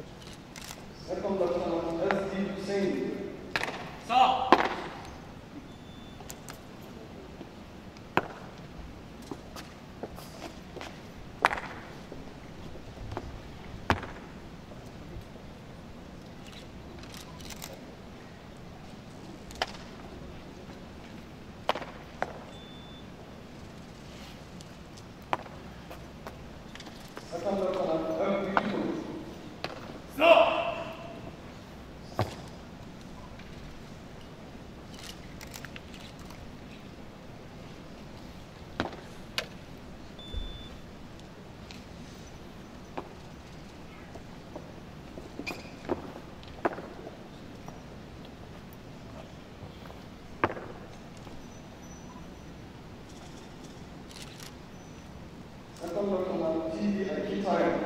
t c o n k you. die Kita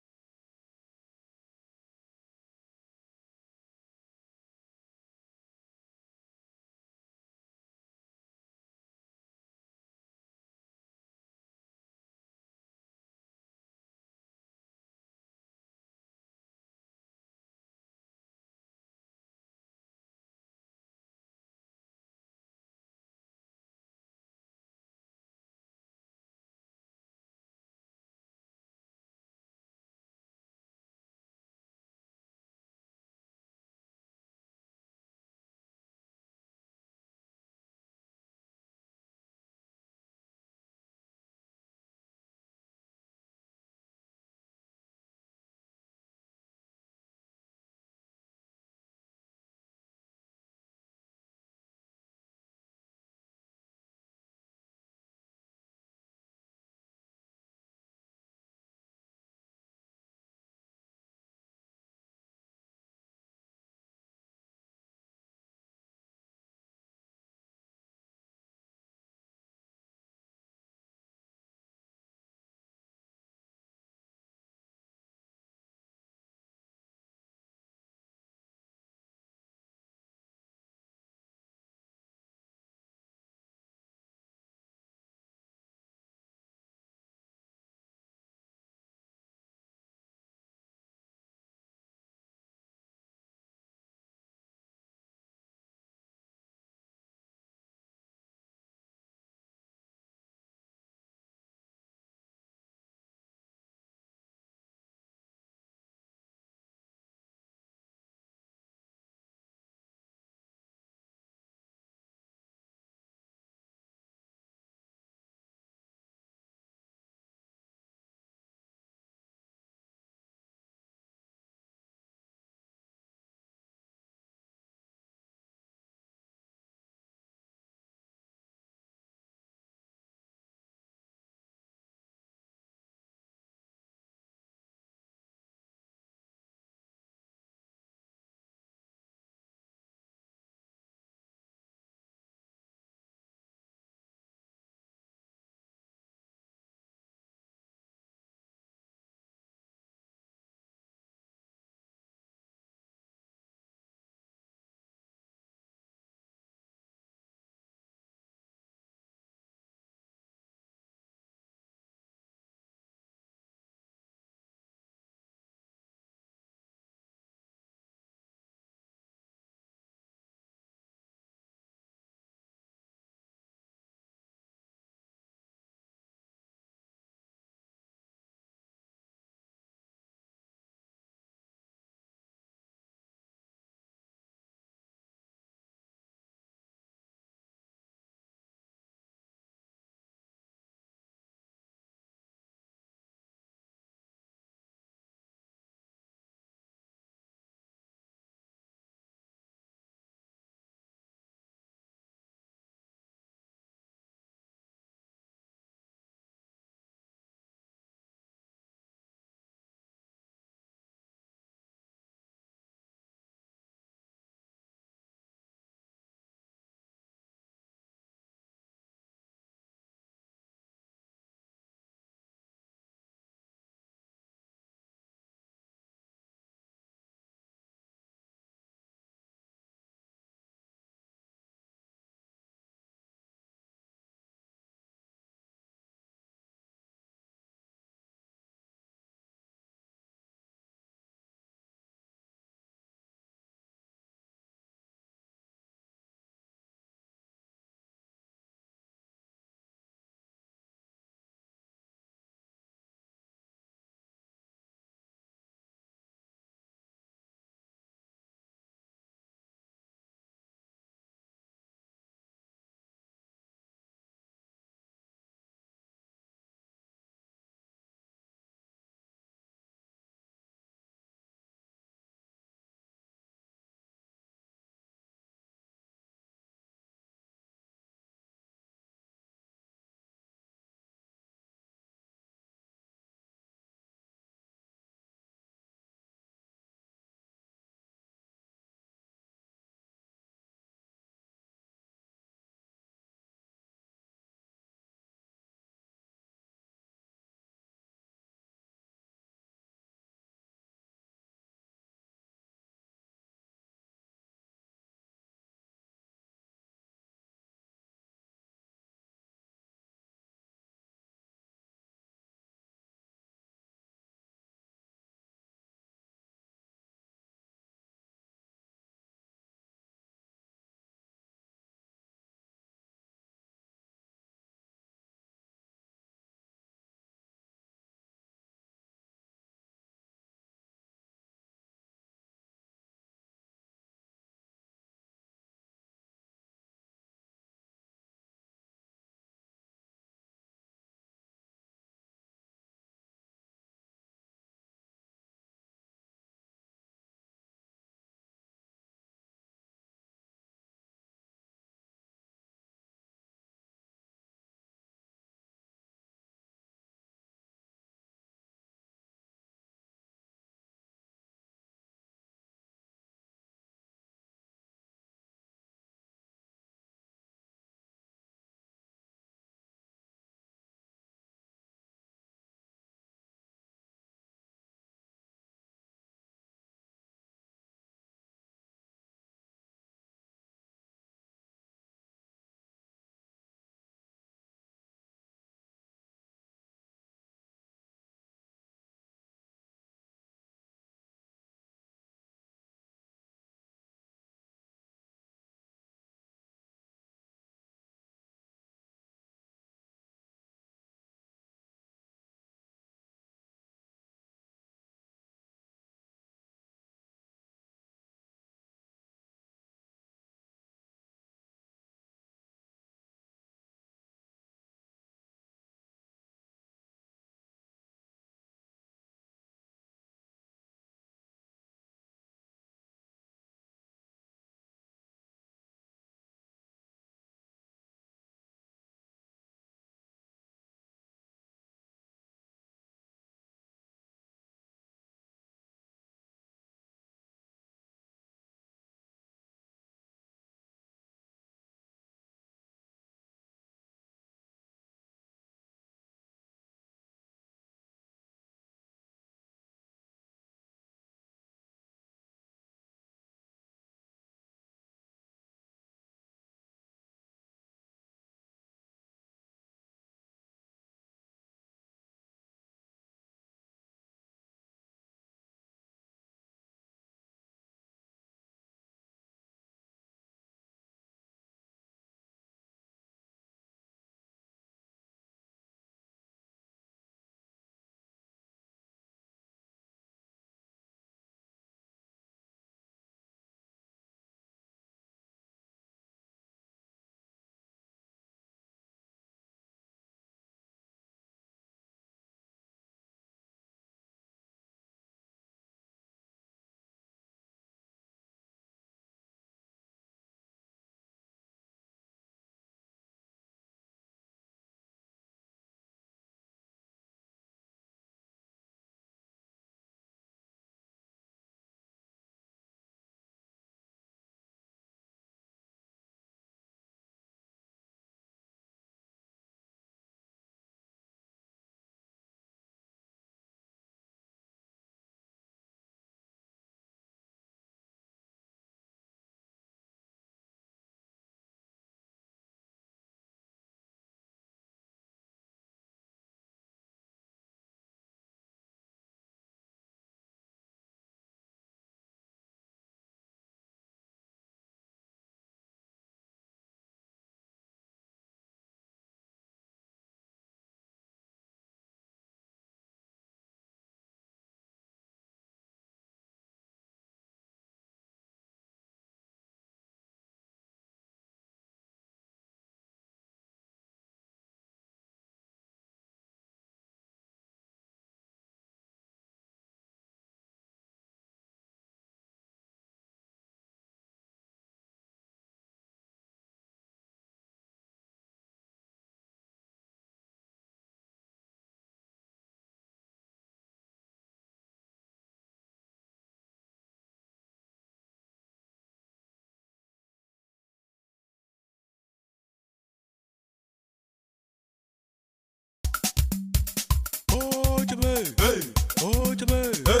Hey, hey, oh, Jabba, hey.